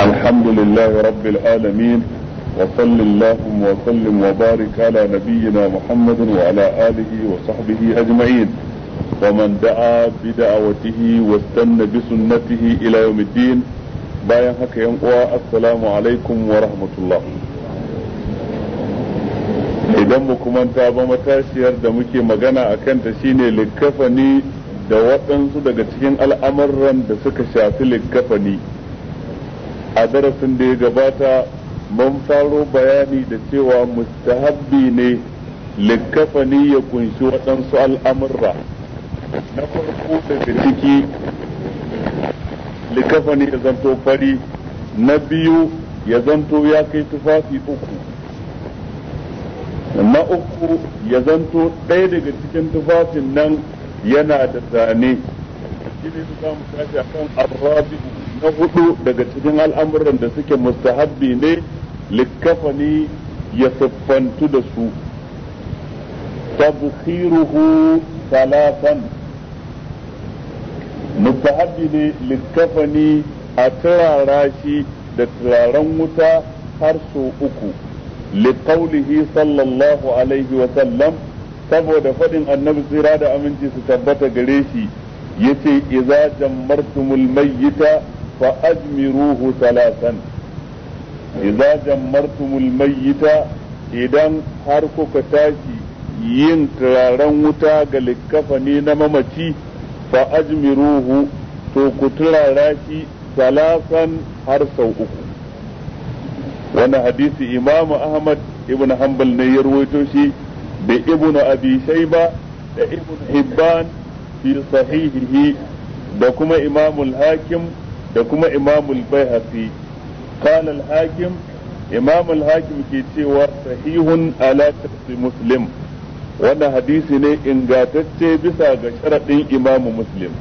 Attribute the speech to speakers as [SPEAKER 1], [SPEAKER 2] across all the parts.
[SPEAKER 1] الحمد لله رب العالمين وصل اللهم وسلم وبارك على نبينا محمد وعلى آله وصحبه أجمعين ومن دعا بدعوته واستنى بسنته إلى يوم الدين bayan haka yan uwa assalamu alaikum wa rahmatulah. idan mu kumanta ba matashiyar da muke magana a kanta shine likkafani da waɗansu daga cikin al'amuran da suka shafi likkafani a darasin da ya gabata mun faro bayani da cewa mustahabbi ne likafani ya kunshi waɗansu al'amurra na farko daga ciki likafani ya zanto fari na biyu ya zanto ya kai tufafi uku na uku ya zanto ɗaya daga cikin tufafin nan yana da zane shi ne su za mu tashi akan arrabi'u na hudu daga cikin al'amuran da suke mustahabbi ne likafani ya siffantu da su tabkhiruhu salatan mustahabbi ne likafani a turara shi da turaren wuta har sau uku liqaulihi sallallahu alaihi saboda faɗin annabi tsira da aminci su tabbata gare shi yace iza jammartumul mayyita fa ajmiruhu salatan idza jammartumul mayyita idan har kuka tashi yin turaren wuta ga likkafani na mamaci fa ajmiruhu to ku turara shi salasan har sau uku wani hadisi imamu ahmad ibn hanbal ne ya rawaito shi da ibn abi shayba da ibn hibban fi sahihihi da kuma imamul hakim da kuma imamul baihaqi qala al hakim imamul hakim ke cewa sahihun ala muslim wannan hadisi ne ingatacce bisa ga sharadin imam muslim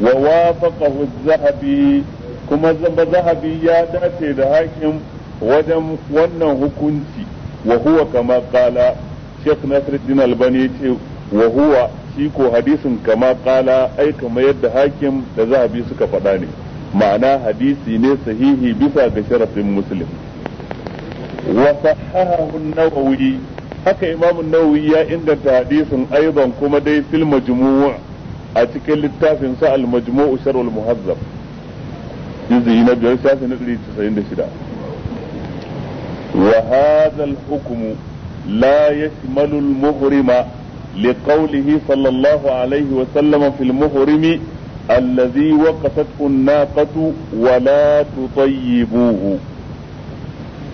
[SPEAKER 1] wa wafaqahu zahabi kuma zaba zahabi ya dace da hakim wajen wannan hukunci wa huwa kama kala Sheikh Nasiruddin Albani ya ce wa huwa shi ko hadisin kama kala ai kamar yadda hakim da zahabi suka faɗa ne ma'ana hadisi ne sahihi bisa ga sharafin muslim wa sahahahu an-nawawi haka imam an-nawawi ya inganta hadisin aiban kuma dai fil majmu' a cikin littafin sa al-majmu' sharh al-muhazzab juz'i biyar shafi na la لقوله صلى الله عليه وسلم في المحرم الذي وقفته الناقة ولا تطيبوه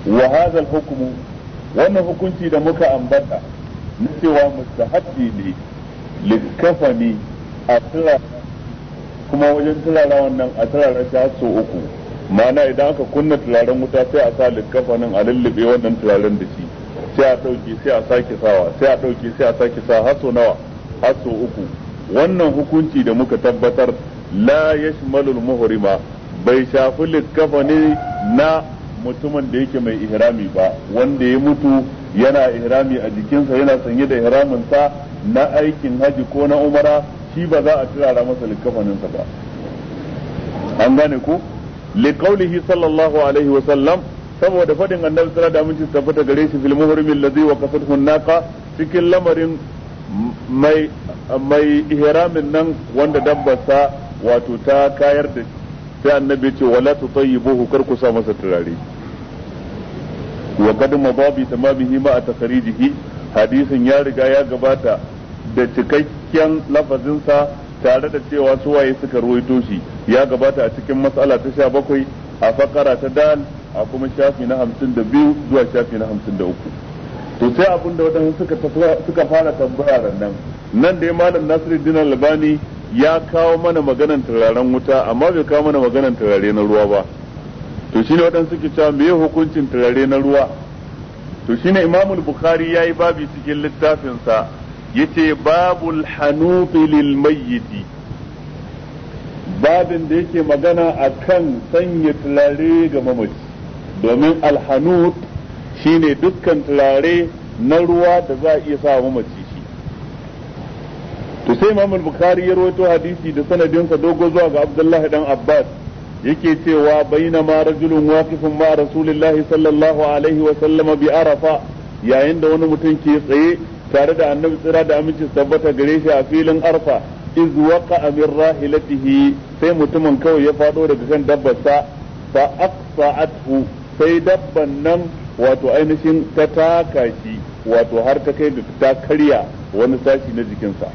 [SPEAKER 1] وهذا الحكم وانا حكمتي دمك انبتا نسوى مستحبي لي للكفني أطلع kuma wajen turara wannan a turara shi har uku ma'ana idan aka kunna turaren wuta sai a sa likkafanin a lullube wannan turaren da shi sai a ɗauke sai a sake sawa sai a ɗauke sai a sake sawa har nawa har uku wannan hukunci da muka tabbatar la yashmalul muhrima bai shafi likafani na mutumin da yake mai ihrami ba wanda ya mutu yana ihrami a jikinsa yana sanye da ihramin sa na aikin haji ko na umara shi ba za a turara masa sa ba an gane ku liqaulihi sallallahu alaihi wa sallam saboda fadin annabi sallallahu alaihi wa sallam da ci tabbata gare shi fil muhrimin ladhi wa kasatuhu naqa cikin lamarin mai ihramin nan wanda dabbasa wato ta kayar da sai annabi ce wala tutayyibuhu kar ku sa masa turare wa qad madabi tamamihi ma a jiki hadisin ya riga ya gabata da cikakken lafazinsa tare da cewa suwaye suka ruwaito shi ya gabata a cikin matsala ta sha bakwai a fakara ta dal a kuma shafi na hamsin da biyu zuwa shafi na hamsin da uku to sai abin da suka suka fara tambaya nan nan dai malam Nasiruddin Albani ya kawo mana maganan turaren wuta amma bai kawo mana maganan turare na ruwa ba to shine waɗansu suke cewa meye hukuncin turare na ruwa to shine Imam Bukhari yayi babi cikin littafinsa sa yace babul hanufi lil mayyiti babin da yake magana a kan sanya turare ga mamaci domin alhanut shine dukkan turare na ruwa da za a iya sa mace shi to sai Imam Bukhari ya rawaito hadisi da sanadinsa dogo zuwa ga Abdullah dan Abbas yake cewa bainama rajulun waqifun ma Rasulillahi sallallahu alaihi wa sallama bi Arafa yayin da wani mutum ke tsaye tare da Annabi tsira da aminci tabbata gare shi a filin Arfa iz waqa'a min rahilatihi sai mutumin kawai ya fado daga kan dabbarsa fa aqsa'athu sai dabban nan wato ainihin ta taka shi wato har ta kai ta karya wani sashi na jikinsa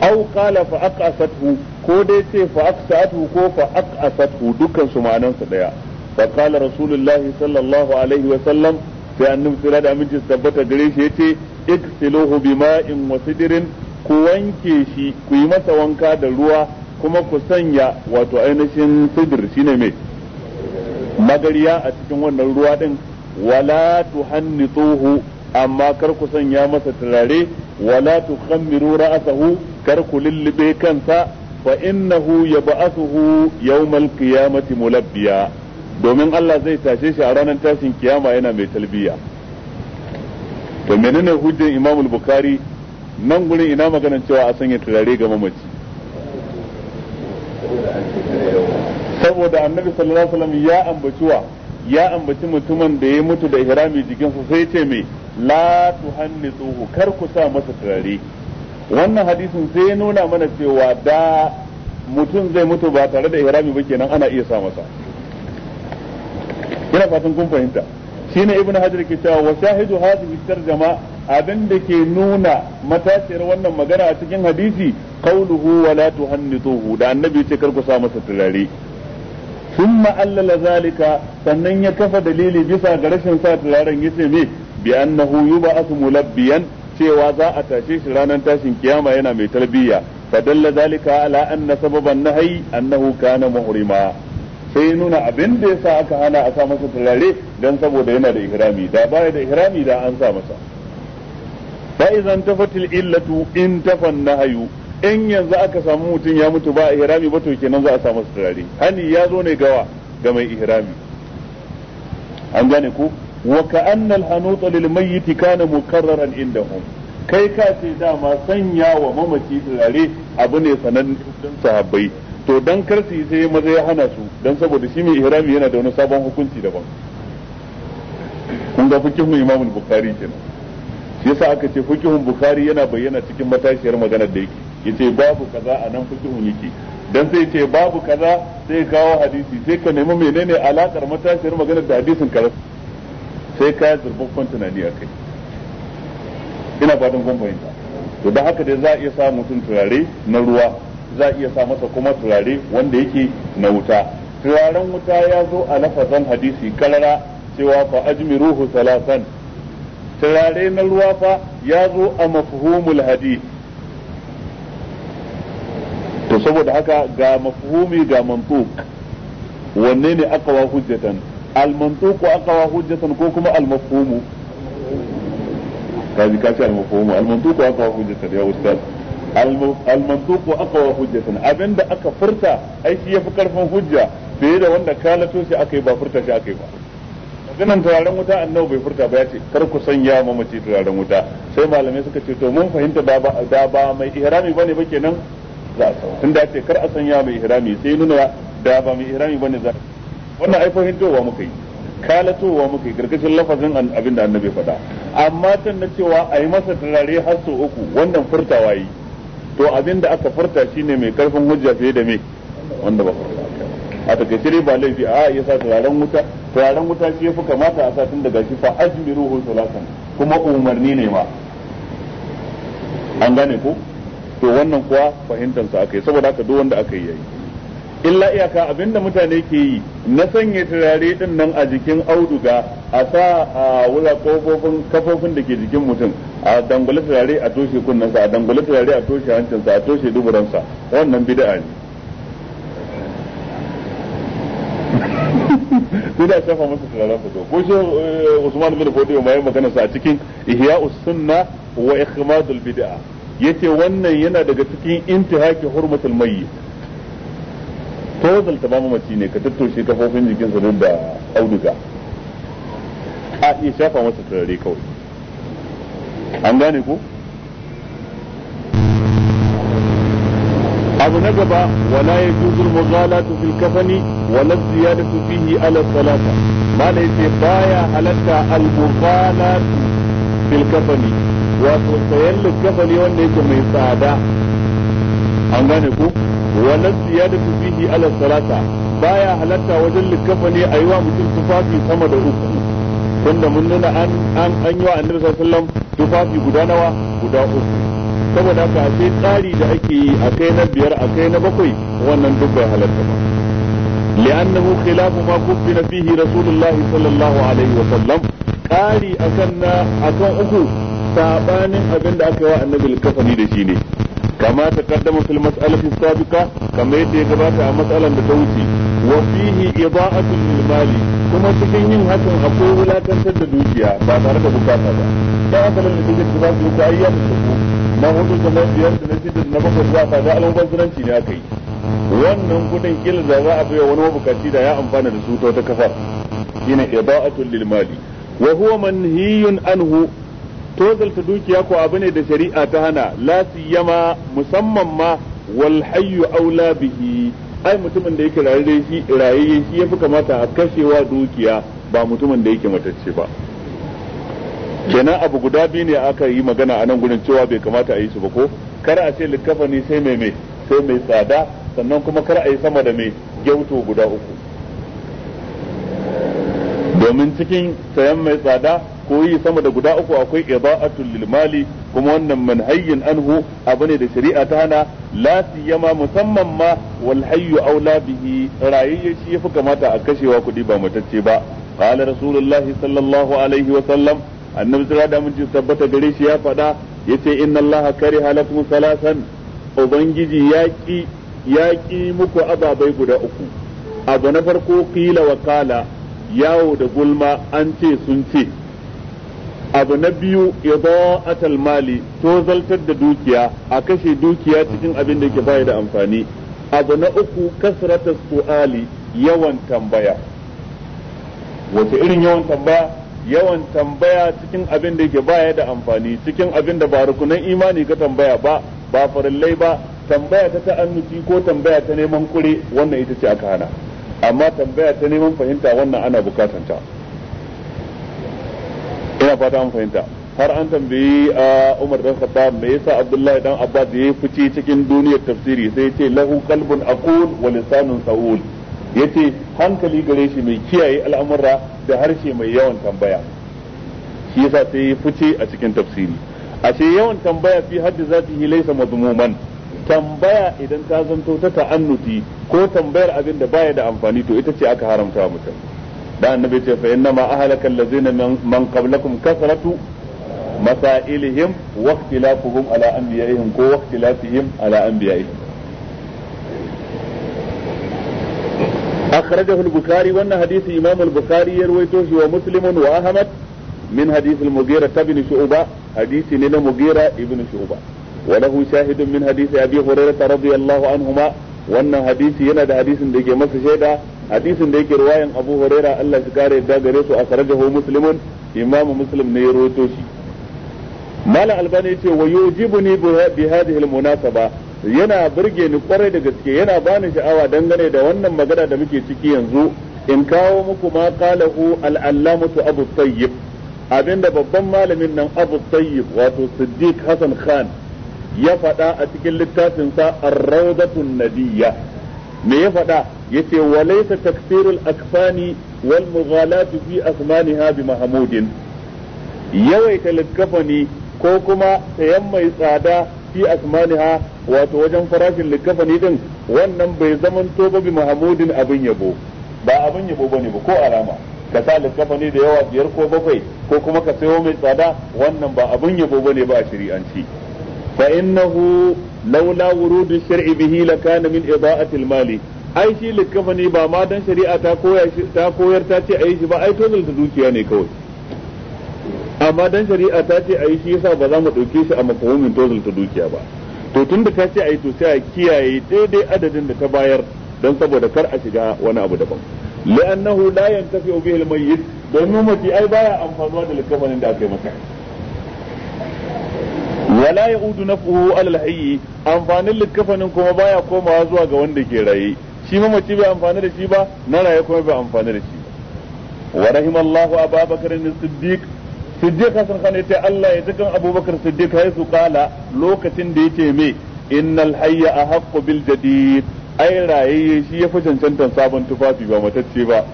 [SPEAKER 1] au kala fa aqasathu ko dai ce fa aqasathu ko fa aqasathu dukkan su ma'anansa daya fa qala rasulullah sallallahu alaihi wa sallam sai annabi sura da amince tabbata gare shi yace igsiluhu bima'in wa sidrin ku wanke shi ku yi masa wanka da ruwa kuma ku sanya wato ainihin sidir shine mai magariya a cikin wannan ruwa din wala tuhannituhu amma kar ku sanya masa turare wala tukhammiru ra'sahu kar ku lillibe kansa fa innahu yab'athuhu yawmal qiyamati mulabbiya domin Allah zai tashe shi a ranar tashin kiyama yana mai talbiya to menene hujjar Imam Bukhari nan gurin ina maganar cewa a sanya turare ga mamaci saboda annabi sallallahu alaihi wasallam ya ambaci wa ya ambaci mutumin da ya mutu da ihrami jikin sa sai ce mai la tuhannithuhu kar ku sa masa turare wannan hadisin sai nuna mana cewa da mutum zai mutu ba tare da ihrami ba kenan ana iya sa masa ina fatan kun fahimta shine ibn hajar ke cewa wa shahidu hadhihi tarjama abin da ke nuna matashiyar wannan magana a cikin hadisi kauluhu wa la tuhannituhu da annabi ce kar ku sa masa turare thumma allala zalika sannan ya kafa dalili bisa ga rashin sa turaren yace me bi annahu yub'athu mulabbiyan cewa za a tashe shi ranar tashin kiyama yana mai tarbiyya fadalla zalika ala anna sababan nahyi annahu kana muhrima sai nuna abin da yasa aka hana a sa masa turare dan saboda yana da ihrami da baya da ihrami da an sa masa fa idan tafatil illatu in tafan hayu. in yanzu aka samu mutum ya mutu ba ihrami ba to kenan za a samu turare hani ya zo ne gawa ga mai ihrami an gane ku wa ka'anna al-hanut lil mayyit kana mukarraran indahum kai ka ce dama sanya wa mamaci turare abu ne sanan sahabbai to dan kar su sai maza ya hana su dan saboda shi mai ihrami yana da wani sabon hukunci daban kun ga fikihun Imam Bukhari kenan shi yasa aka ce fikihun Bukhari yana bayyana cikin matashiyar maganar da yake yace babu kaza a nan fikihun yake dan sai ce babu kaza sai kawo hadisi sai ka nemi menene alakar matashiyar magana da hadisin ka sai ka zurfaffen tunani a kai ina fatan kun fahimta to dan haka dai za a iya sa mutum turare na ruwa za a iya sa masa kuma turare wanda yake na wuta turaren wuta ya zo a lafazan hadisi kalara cewa fa ajmiruhu salasan turare na ruwa fa ya zo a mafhumul hadisi saboda haka ga mafhumi ga mantuk wanne ne aqwa hujjatan al mantuq aqwa hujjatan ko kuma al mafhumu kaji ce al mafhumu al mantuq aqwa hujjatan ya ustaz al mantuq aqwa hujjatan abinda aka furta ai shi yafi karfin hujja fiye da wanda kalato shi akai ba furta shi akai ba ganin turaren wuta annabi bai furta ba ya ce kar ku sanya mamaci turaren wuta sai malamai suka ce to mun fahimta da ba mai ihrami bane ba kenan za a kawo tunda ce kar a sanya mai ihrami sai nuna da ba mai ihrami bane za wannan ai fahimtowa muka yi kalatowa muka yi karkashin lafazin abin da annabi faɗa amma tun na cewa a yi masa turare har sau uku wannan furtawa yi to abin da aka furta shine mai karfin hujja fiye da me wanda ba a kai shirin ba laifi a ya sa turaren wuta turaren wuta shi fi kamata a satin daga shi fa ajmiruhu salatan kuma umarni ne ma an gane ko to wannan kuwa fahimtar sa aka yi saboda haka duk wanda aka yi yayi illa iyaka abinda mutane ke yi na sanya turare din nan a jikin auduga a sa a wula kofofin kafofin da ke jikin mutum a dangula turare a toshe kunnensa a dangula turare a toshe hancinsa a toshe duburansa wannan bid'a ne bid'a shafa masa turaren fito ko shi eh, Usman bin Fodiyo ma yi magana sa a cikin Ihya'us Sunna wa Ikhmadul Bid'ah yace wannan yana daga cikin intihaki hurmatul mayyit tozal ta ba mamaci ne ka tattoshe kafofin jikinsa don da auduga a iya shafa masa turare kawai an gane ku abu na gaba wala ya juzul mughalatu fil kafani wala ziyadatu fihi ala salata mala yace baya halatta al mughalatu fil kafani wato sayan likafani wanda yake mai tsada an gane ku wannan ziyadatu fihi ala salata baya halatta wajen likafani a yi wa mutum tufafi sama da uku wanda mun nuna an an an yi wa annabi sallallahu tufafi guda nawa guda uku saboda haka sai tsari da ake yi a kai na biyar a kai na bakwai wannan duk bai halatta ba لأنه خلاف ما كفن فيه رسول الله صلى الله عليه وسلم قاري أكن أكن أكو sabanin abin da aka yi wa annabi kafani da shi ne kama ta kaddama fil mas'alati sabiqa kama yadda ya gabata a matsalan da ta wuce wa fihi ida'atu lil mali kuma cikin yin hakan akwai wulakantar da dukiya ba tare da bukata ba da asalin da take ba su ta ayya da ku na hudu da na biyar da na shida da na bakwai za ka ga ne aka yi wannan kudin kila za a bai wani mabukaci da ya amfana da su ta kafa shine ida'atu lil mali wa huwa manhiyun anhu tozalta dukiya ko abu ne da shari'a ta hana la siyama musamman ma wal hayyu aula bihi ai mutumin da yake raye shi raye shi yafi kamata a kashewa dukiya ba mutumin da yake matacce ba kenan abu guda biyu ne aka yi magana a nan gurin cewa bai kamata a yi su ba ko kar a ce likafani sai mai mai sai mai tsada sannan kuma kar a yi sama da mai gyauto guda uku domin cikin sayan mai tsada koyi sama da guda uku akwai ida'atul lil mali kuma wannan manhayyin anhu abu ne da shari'a ta hana la siyama musamman ma wal hayyu aula bihi rayayye shi yafi kamata a kashewa kuɗi ba matacce ba qala rasulullahi sallallahu alaihi wa sallam annabi da mun tabbata gare shi ya faɗa yace inna allah kariha lakum salasan ubangiji yaki yaki muku ababai guda uku abu na farko kila wa yawo da gulma an ce sun ce abu na biyu ya idaatul mali to zaltar da dukiya a kashe dukiya cikin abin da ke bayar da amfani abu na uku kasrata su'ali yawan tambaya wace irin yawan tambaya yawan tambaya cikin abin da ke baya da amfani cikin abin da ba rukunan imani ka tambaya ba ba farillai ba tambaya ta ta'annuci ko tambaya ta neman kure wannan ita ce aka hana amma tambaya ta neman fahimta wannan ana bukatanta ta ina fata an fahimta har an tambayi a Umar dan Khattab me yasa Abdullahi dan Abbas ya fice cikin duniyar tafsiri sai ya ce lahu qalbun aqul wa lisanun saul yace hankali gare shi mai kiyaye al'amura da harshe mai yawan tambaya shi yasa sai ya fice a cikin tafsiri ashe yawan tambaya fi haddi zatihi laysa madmuman tambaya idan ta zanto ta ta'annuti ko tambayar abin da baya da amfani to ita ce aka haramta mutum da annabi ce fa inna ma ahlaka allazina man qablakum kasratu masailihim wa ikhtilafuhum ala anbiya'ihim ko ikhtilafihim ala anbiya'ihim أخرجه البخاري وأن حديث إمام البخاري يرويته ومسلم وأحمد من حديث المغيرة بن شعبة حديث لنا مغيرة ابن شعبة وله شاهد من حديث أبي هريرة رضي الله عنهما wannan hadisi yana da hadisin da yake masa shaida hadisin da yake riwayan Abu Huraira Allah shi kare yadda gare su a sarajahu muslimun imamu muslim ne ya roto shi mala albani ce wa ni bi hadhihi almunasaba yana burge ni kwarai da gaske yana bani sha'awa dangane da wannan magana da muke ciki yanzu in kawo muku ma qalahu al-allamatu Abu Tayyib abinda babban malamin nan Abu Tayyib wato Siddiq Hassan Khan ya faɗa a cikin littafinsa ar-rawdatun nabiyya me ya faɗa yace walaysa takfirul akfani wal mughalatu fi asmaniha bi mahmudin yawaita likafani ko kuma sayan mai tsada fi asmaniha wato wajen farashin likafani din wannan bai zamanto ba bi mahmudin abin yabo ba abin yabo bane ba ko alama ka sa likafani da yawa biyar ko bakwai ko kuma ka sayo mai tsada wannan ba abin yabo bane ba a shari'anci فإنه لولا ورود الشرع به لكان من إضاءة المال ai shi likafani ba ma ta koyar ta ce ayi shi ba ai tozal dukiya ne kawai amma dan ta ce ayi shi yasa ba za mu dauke shi a makawamin tozal ta dukiya ba to tunda ta ce ayi to sai kiyaye daidai adadin da ta bayar don saboda kar a shiga wani abu daban li'annahu la yantafi bihi al-mayyit domin mace ai baya amfanuwa da likafanin da aka yi masa wala udu na alal hayyi amfanin likafanin kuma baya komawa zuwa ga wanda ke raye shi mamaci bai amfani da shi ba na raye kuma bai amfani da shi ba wa rahimallahu ababakar as-siddiq siddiq hasan khan yace Allah ya tukan abubakar siddiq hay su kala lokacin da yace me innal hayya ahqqu bil jadid ai raye shi ya fi cancantan sabon tufafi ba matacce ba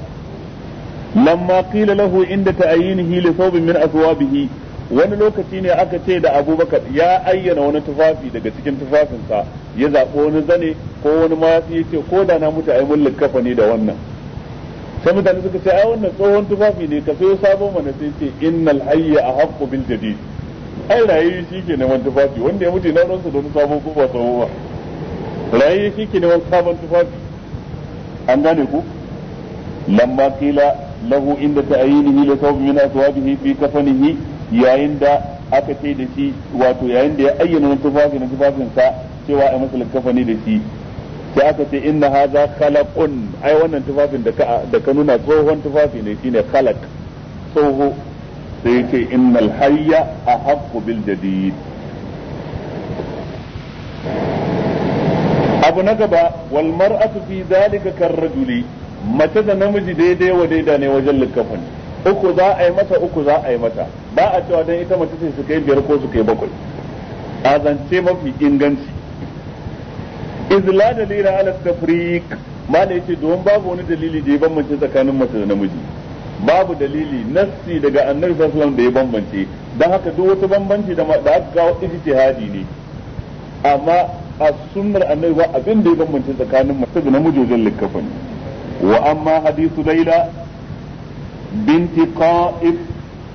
[SPEAKER 1] lamma qila lahu inda ta'ayinihi li thawbin min aswabihi wani lokaci ne aka ce da abubakar ya ayyana wani tufafi daga cikin tufafinsa ya zaɓi wani zane ko wani mawafi ya ce ko da na mutu ai mun kafa ne da wannan sai mutane suka ce ai wannan tsohon tufafi ne ka sayo sabon mana sai ce innal hayya ahqqu bil jadid ai rayayi shike neman tufafi wanda ya mutu na ransa da wani sabon ko ba sabo ba rayayi shike neman sabon tufafi an gane ku lamma qila lahu inda ta'ayinihi li thawb min aswabihi fi kafanihi yayin da aka ce da shi wato yayin da ya ayyana na tufafi na sa cewa ai masa likafani da shi sai aka ce inna haza khalaqun ai wannan tufafin da ka da ka nuna tsohon tufafi ne shine khalaq tsoho sai ce innal hayya ahaqqu bil jadid abu na gaba wal mar'atu fi zalika karrajuli mace da namiji daidai wa daida ne wajen likafani uku za a yi mata uku za a yi mata ba a cewa dan ita mace ce su kai biyar ko su kai bakwai a zance mafi inganci izla dalila ala tafriq yace don babu wani dalili da ya bambance tsakanin mace da namiji babu dalili nassi daga annabi sallallahu alaihi da ya bambance dan haka duk wata bambanci da aka kawo ijtihadi ne amma a sunnar annabi ba abin da ya bambance tsakanin mace da namiji wajen likkafani wa amma hadithu laila بنت قائب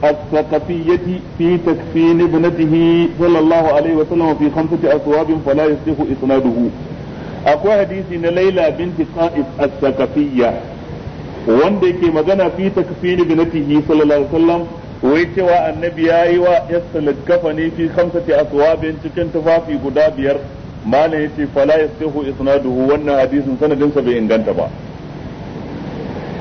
[SPEAKER 1] الثقفية في تكفين ابنته صلى الله عليه وسلم في خمسة أثواب فلا يصح إسناده أقوى حديث ليلى بنت قائب الثقفية wanda yake magana fi takfini bi natihi sallallahu alaihi wasallam wai cewa annabi yayi wa yasallat kafani fi khamsati aswabin cikin tufafi guda biyar malam yace fala yasihu isnaduhu wannan hadisin sanadin bai inganta ba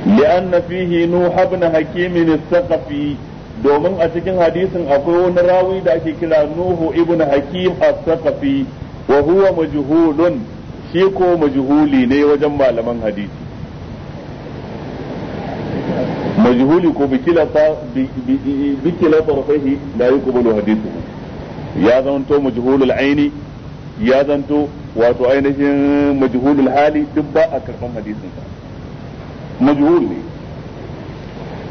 [SPEAKER 1] li'anna fihi nuh ibn hakim al-thaqafi domin a cikin hadisin akwai wani rawi da ake kira nuhu ibn hakim al-thaqafi wa huwa majhulun shi ko majhuli ne wajen malaman hadisi majhuli ko bikila ta bikila tarfihi la yuqbalu hadisi ya zanto majhulul aini ya zanto wato ainihin majhulul hali duk ba karban hadisin مجهول ني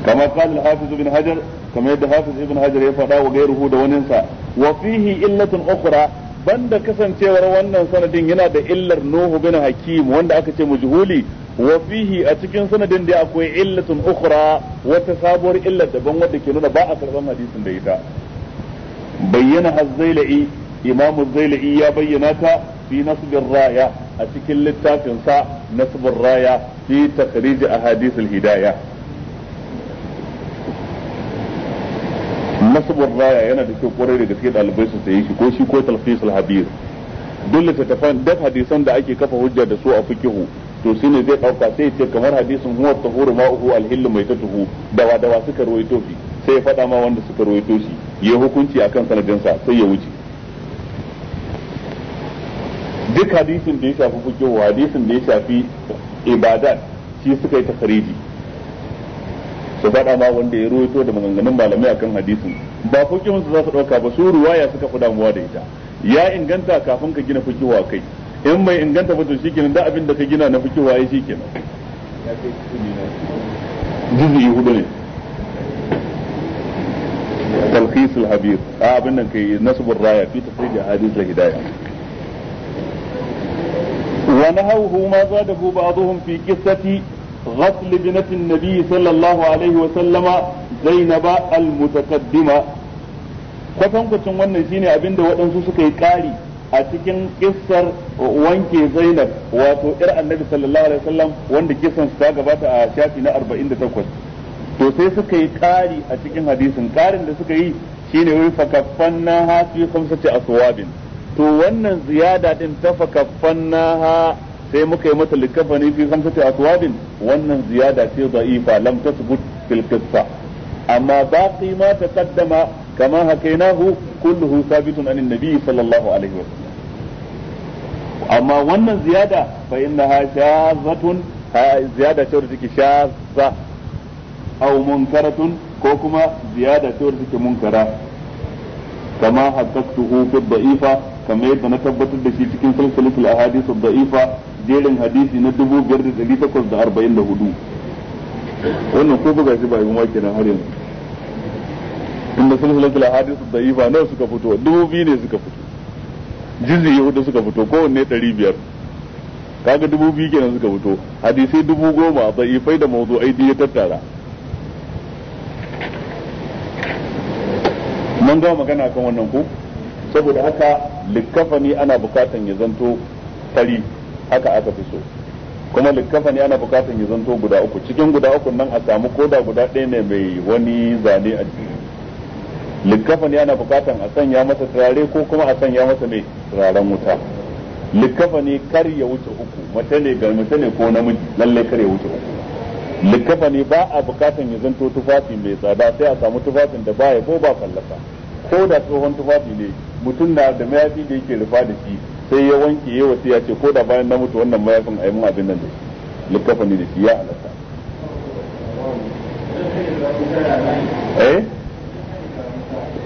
[SPEAKER 1] كما قال الحافظ ابن حجر كما يد حافظ ابن حجر يفدا وغيره ده وننسا وفيه إلة أخرى بند كسن تيور وانا سندين ينا ده إلا نوه بن حكيم وانا أكتش مجهولي وفيه أتكين سندين دي أكوي إلة أخرى وتصابر إلة ده بمود كنونا باعة كربان حديث بيتا بينا الزيلئي إمام الزيلئي يا بيناك في نصب الراية أتكين للتاكن نصب الراية fi takhrij ahadith al-hidayah nasbur raya yana da kyau kwarai da gaske dalibai su sayi shi ko shi ko talfis al dole ta tafan duk hadisan da ake kafa hujja da su a fikihu to shine zai dauka sai ce kamar hadisin huwa tahuru ma'uhu al-hillu maitatuhu dawa dawa suka ruwaito fi sai ya faɗa ma wanda suka ruwaito shi ya hukunci akan sanadinsa sai ya wuce duk hadisin da ya shafi fikihu hadisin da ya shafi ibadat shi suka yi ta takhariji su faɗa ma wanda ya ruwaito da maganganun malamai akan hadisin ba fikihun su za su ɗauka ba su ruwaya suka fi damuwa da ita ya inganta kafin ka gina fikihu kai in mai inganta ba to kenan da abin da ka gina na fikihu ai shikenan juz'i hudu ne talqis al-habir a abin nan kai nasbur raya fi tafsir hadith da hidayah ونهوه ما زاده بعضهم في قصة غسل بنت النبي صلى الله عليه وسلم زينب المتقدمة wannan shine abin da waɗansu suka ƙari a cikin kissar wanke zainab wato ‘yar annabi sallallahu alaihi wasallam wanda kissan ta gabata a shafi na to sai suka yi ƙari a cikin hadisin karin da suka yi shine wai na hafi kamsa ce suwabin. to wannan ziyada din ta ha sai muka yi mata likafani fi khamsati aswadin wannan ziyada ce da'ifa lam tasbut fil qissa amma baqi ma taqaddama kama hakainahu kulluhu sabitun anin nabi sallallahu alaihi wasallam amma wannan ziyada fa ha shazatun ziyada ce da take shazza aw munkaratun ko kuma ziyada ce da take munkara kama hu fi da'ifa kamar yadda na tabbatar da shi cikin sulsulul ahadith ad-da'ifa jerin hadisi na 2844 wannan ko buga shi ba yi maki na har yanzu inda sulsulul ahadith ad-da'ifa nawa suka fito dubu biyu ne suka fito jizzi hudu suka fito kowanne 500 kaga dubu biyu kenan suka fito hadisai dubu goma da'ifai da ai ya tattara mun ga magana kan wannan ko saboda haka likafani ana bukatan ya zanto fari haka aka fi so kuma likafani ana bukatan ya zanto guda uku cikin guda uku nan a samu koda guda ɗaya ne mai wani zane a jiki likafani ana bukatan a sanya masa turare ko kuma a sanya masa mai turaren wuta likafani kar ya wuce uku mace ne ga mace ne ko namiji lalle kar ya wuce uku likafani ba a bukatan ya zanto tufafi mai tsada sai a samu tufafin da baya ko ba fallasa ko da tsohon tufafi ne mutum na da mayafi da yake rufa da shi sai ya wanke ya wasu ya ce ko da bayan na mutu wannan mayafin a yi mun abin nan da shi ne da shi ya alaka eh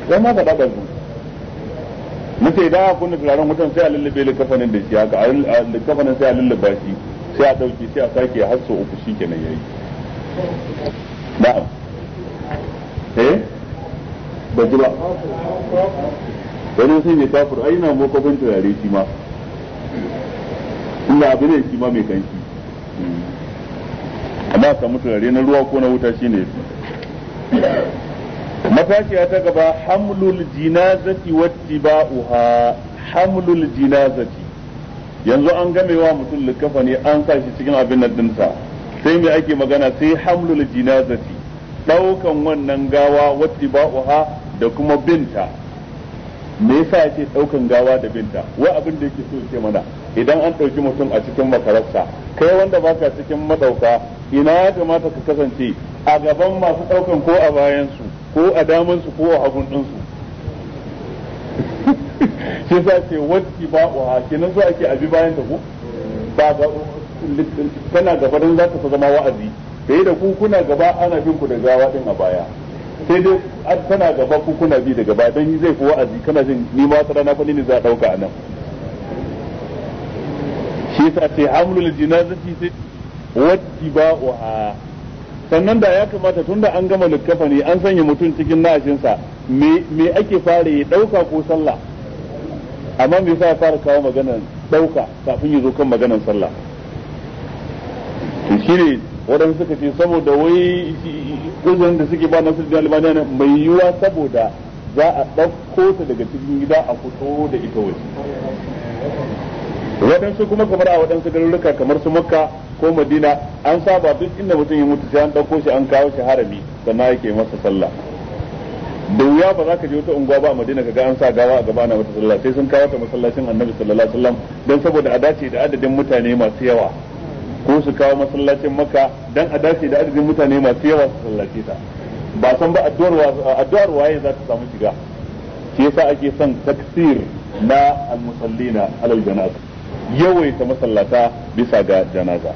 [SPEAKER 1] sai ma faɗa da su mutai da a kunna turaren wutan sai a lullube likafanin da shi haka a likafanin sai a lullube shi sai a ɗauki sai a sake har sau uku shi kenan yayi na'am ba ji ba wani sai mai kafur ai na makofin turare shi ma inda abin ne shi ma mai kanki amma ka samu turare na ruwa ko na wuta shi ne matashiya ta gaba hamlul jinazati wattiba'uha hamlul jinazati yanzu an game wa mutum likafa ne an sa shi cikin abin nan dinsa sai me ake magana sai hamlul jinazati daukan wannan gawa wattiba'uha da kuma binta me yasa yake daukan gawa da binta wa abin da yake so ce mana idan an dauki mutum a cikin makararsa kai wanda baka cikin madauka ina ya kamata ka kasance a gaban masu daukan ko a bayan su ko a daman su ko a hagun din su shi yasa ce wacce ba wa kenan so ake abi bayan ta ko ba ga kana gaba dan za zama wa'azi kai da ku kuna gaba ana bin ku da gawa din a baya sai dai an tana gaba ko kuna bi daga ba dan zai fi wa'azi kana jin ni ma wata rana fa ne za a dauka anan shi yasa sai hamlul jinazati sai wattiba'uha sannan da ya kamata tunda an gama likkafa ne an sanya mutum cikin sa me me ake fara ya dauka ko sallah amma me yasa fara kawo maganar dauka kafin ya zo kan maganar sallah shi ne waɗanda suka ce saboda wai uzurin da suke ba na sirri Albani ne mai yiwuwa saboda za a ɗauko ta daga cikin gida a fito da ita waje waɗansu kuma kamar a waɗansu garuruka kamar su makka ko madina an saba duk inda mutum ya mutu sai an ɗauko shi an kawo shi harami sannan yake masa sallah da wuya ba za ka je wata unguwa ba a madina ka ga an sa gawa a gaba na wata sallah sai sun kawo ta masallacin annabi sallallahu alaihi wasallam don saboda a dace da adadin mutane masu yawa ko su kawo masallacin maka dan a dace da adadin mutane masu yawa su sallace ta ba san ba addu'ar waye za ta samu shiga shi yasa ake son taksir na almusallina alal janaza yawaita masallata bisa ga janaza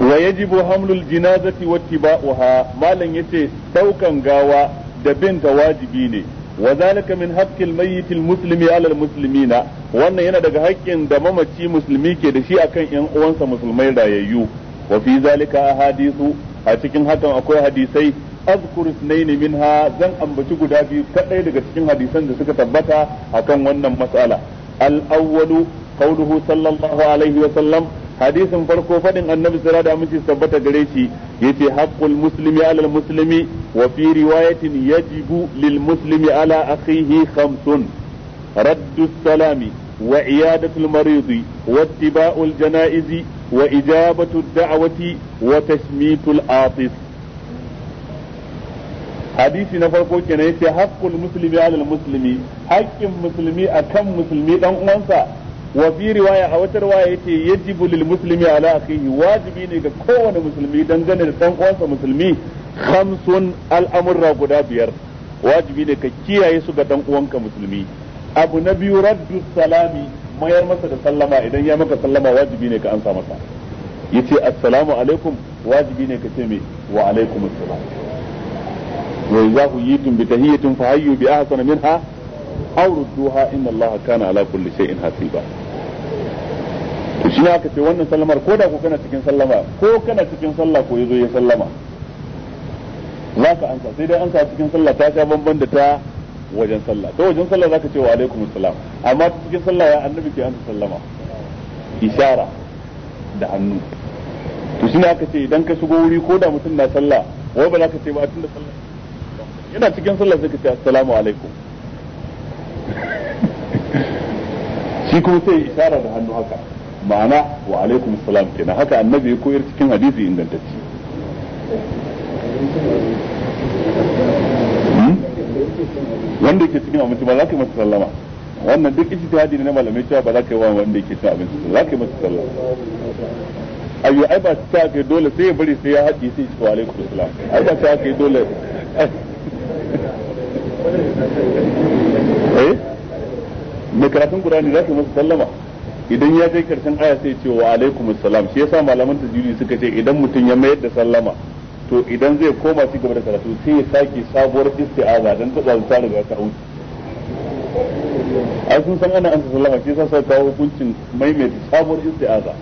[SPEAKER 1] wa yajibu hamlul jinazati wattiba'uha malan yace daukan gawa da binta wajibi ne wa zalika min haqqil mayyit muslimi ala muslimina wannan yana daga haƙƙin da mamaci musulmi ke da shi akan yan uwansa musulmai rayayyu wa fi zalika ahadithu a cikin hakan akwai hadisai azkur sunaini minha zan ambaci guda biyu kadai daga cikin hadisan da suka tabbata akan wannan matsala al awwalu قوله صلى الله عليه وسلم حديث فرقو فدن النبي صلى الله عليه وسلم ثبت غريشي يتي حق المسلم على المسلم وفي رواية يجب للمسلم على أخيه خمس رد السلام وعيادة المريض واتباع الجنائز وإجابة الدعوة وتشميت العاطف hadisi na farko kenan yace haqqul muslimi alal muslimi haƙƙin musulmi akan musulmi dan uwansa wa fi a wata riwaya yace yaji lil muslimi ala akhihi wajibi ne ga kowane musulmi dangane da dan uwansa musulmi khamsun al'amurra guda biyar wajibi ne ka kiyaye su ga dan uwanka musulmi abu na biyu raddu salami mayar masa da sallama idan ya maka sallama wajibi ne ka ansa masa yace assalamu wajibi ne ka ce wa alaikum fa hayyu bi minha allaha kana ala to shi aka ce wannan sallamar ko da ko kana cikin sallama ko kana cikin sallah ko yazo ya sallama za ka ansa sai dai ansa cikin sallah ta sha bamban da ta wajen sallah ta wajen sallah za ka ce wa alaikum assalam amma cikin sallah ya annabi ke ansa sallama ishara da hannu to shi aka ce idan ka shigo wuri ko da mutum na sallah wai ba za ka ce ba tunda sallah yana cikin sallah sai ka ce assalamu alaikum shi kuma sai ishara da hannu haka ma'ana wa alaikum salam kenan haka annabi ya koyar cikin hadisi ingantacce hmm? wanda yake cikin abinci ba za ka yi masa sallama wannan duk ijtihadi ne na malamai cewa ba za ka yi wa wanda yake cikin abinci ba za ka yi masa sallama ayyo ai ba ta ka dole sai ya bari sai ya haɗi sai ya ce wa alaikum salam ai ba ta ka dole eh mai karatun Qur'ani za ka yi masa sallama idan ya kai karshen aya sai ce wa alaikum assalam shi yasa malaman tajwidi suka ce idan mutum ya mayar da sallama to idan zai koma ci gaba da karatu sai ya sake sabuwar isti'aza dan ta tsanta daga ta wuce ai sun san ana ansa sallama shi yasa sai kawo hukuncin maimaita sabuwar isti'aza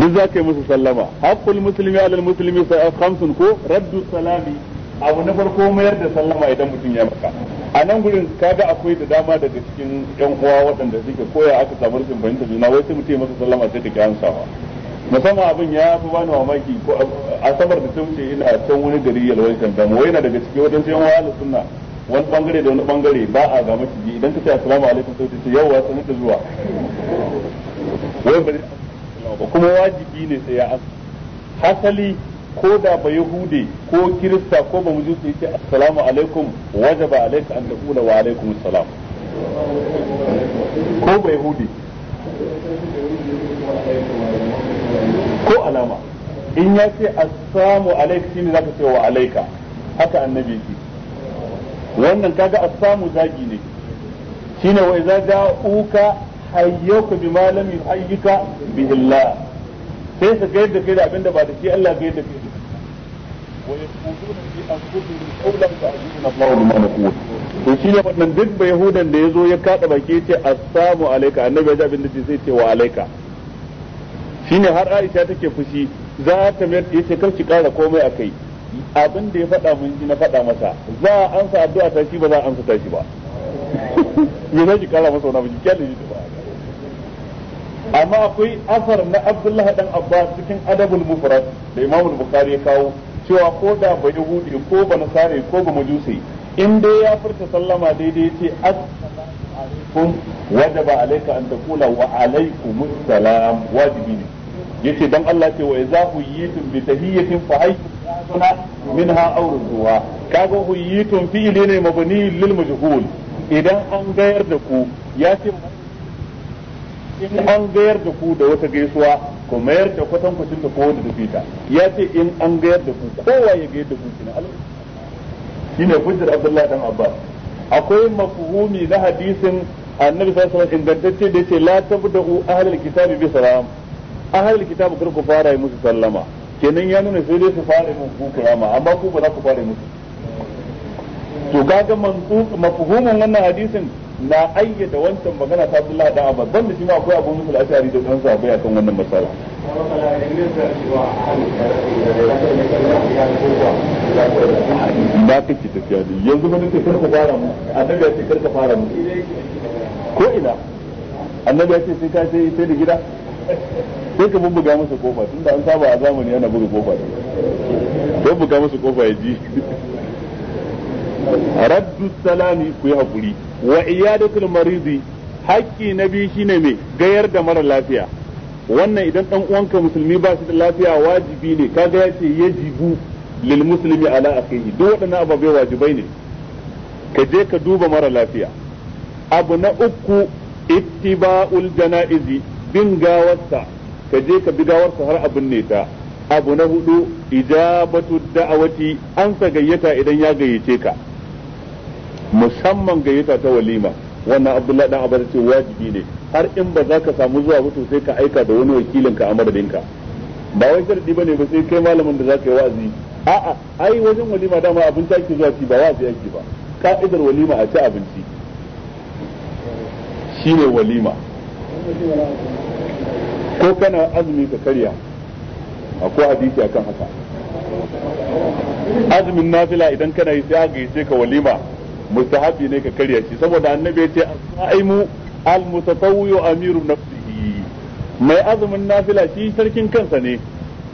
[SPEAKER 1] duk za ka yi musu sallama haƙƙul musulmi alal musulmi sai khamsun ko raddu salami abu na farko mayar da sallama idan mutum ya maka a nan gurin kaga akwai da dama daga cikin yan uwa waɗanda suke koya aka samu rashin fahimta juna wai sai mutum ya masa sallama sai ta kiyan sawa musamman abin ya fi bani mamaki ko asabar da ta wuce ina can wani gari yalwar damu wai na daga cikin waɗansu yan uwa sunna wani bangare da wani bangare ba a ga maciji idan ta ce assalamu alaikum sai ce yau wasu ta zuwa wai ba kuma wajibi ne sai ya asali hasali ko da ba yahude ko kirista ko ba mu zuci ce assalamu alaikum wajaba alaika an taqula wa alaikum assalam ko ba yahude ko alama in ya ce assalamu alaika shine zaka ce wa alaika haka annabi ce wannan kaga assamu zagi ne shine wa idza ja'uka hayyuka bima lam yuhayyika bihi Allah sai su gaida kai da abinda ba da shi Allah yadda kai ويقولون بأنفسهم قولا يعجبنا الله بما نقول to shi ne wannan duk bai yahudan da ya zo ya kaɗa baki ce assamu alaika annabi ya ji abin da zai ce wa alaika shine har aisha take fushi za ta mayar ya ce kar ki ƙara komai a kai abin da ya faɗa mun ji na faɗa masa za a ansa addu'a ta shi ba za a ansa ta shi ba me za ki ƙara masa wani abu ki kyale shi ba amma akwai asar na abdullahi dan abba cikin adabul mufrad da imamul bukhari ya kawo cewa ko da ba yahudi ko ba nasare ko ba majusi in dai ya furta sallama daidai ce alaikum ba alaika an taqula wa alaikum assalam wajibi ne yace dan Allah ce wa idza huyitum bi tahiyyatin fa hayyuna minha aw kaga huyitum fi'li ne mabni lil majhul idan an gayar da ku ya ce in an gayar da ku da wata gaisuwa ku mayar da kwatankwacin da kowa da tafi ta ya ce in an gayar da ku kowa ya gayar da ku kina shi ne hujjar Abdullahi dan Abbas akwai mafuhumi na hadisin annabi sallallahu alaihi wasallam ingantacce da yace la tabda'u ahlul kitabi bi salam ahlul kitabi kar ku fara musu sallama kenan ya nuna sai dai su fara musu ku kirama amma ku ba za ku fara musu to kaga mantuq mafhumin wannan hadisin na ayyata wancan magana ta Abdullah dan Abbas dan da shi ma akwai Abu musul ashari da dan sa bai akan wannan matsala ba kake tafiya da yanzu ba nake karka fara mu annabi ya ce karka fara mu ko ina annabi ya ce sai ka sai sai da gida sai ka bubbuga masa kofa tunda an saba a zamani yana buga kofa don buga masa kofa ya ji raddu salami ku yi hakuri wa iyadatul maridi haƙƙi na biyu shine mai gayar da mara lafiya wannan idan dan uwanka musulmi ba shi da lafiya wajibi ne kaga ya ce yajibu lil muslimi ala akhihi duk waɗannan ababe wajibai ne ka je ka duba mara lafiya abu na uku ittiba'ul janaizi bin gawarsa ka je ka bi gawarsa har abin ne ta abu na hudu ijabatu da'awati an sa gayyata idan ya gayyace ka musamman gayyata ta walima wannan abdullah dan abbas ce wajibi ne har in ba za ka samu zuwa ba sai ka aika da wani wakilin ka a madadinka ba wai sharadi bane ba sai kai malamin da za ka yi wa'azi a'a ai wajen walima dama abinci ake zuwa ci ba wa'azi ake ba ka'idar walima a ci abinci shine walima ko kana azumi ka karya akwai hadisi akan haka azumin nafila idan kana yi sai aka yi ka walima mustahabi ne ka karya shi saboda annabi yace as-sa'imu al-mutatawwi'u amiru nafsihi mai azumin nafila shi sarkin kansa ne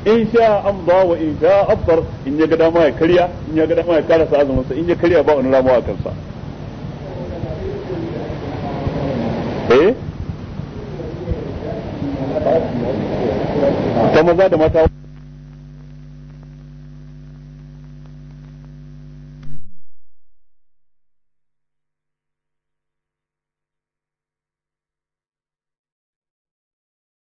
[SPEAKER 1] in sha amza wa in sha afdar in ya ga dama ya karya in ya ga dama ya karasa azumin sa in ya karya ba wani ramuwa kansa eh ta maza da mata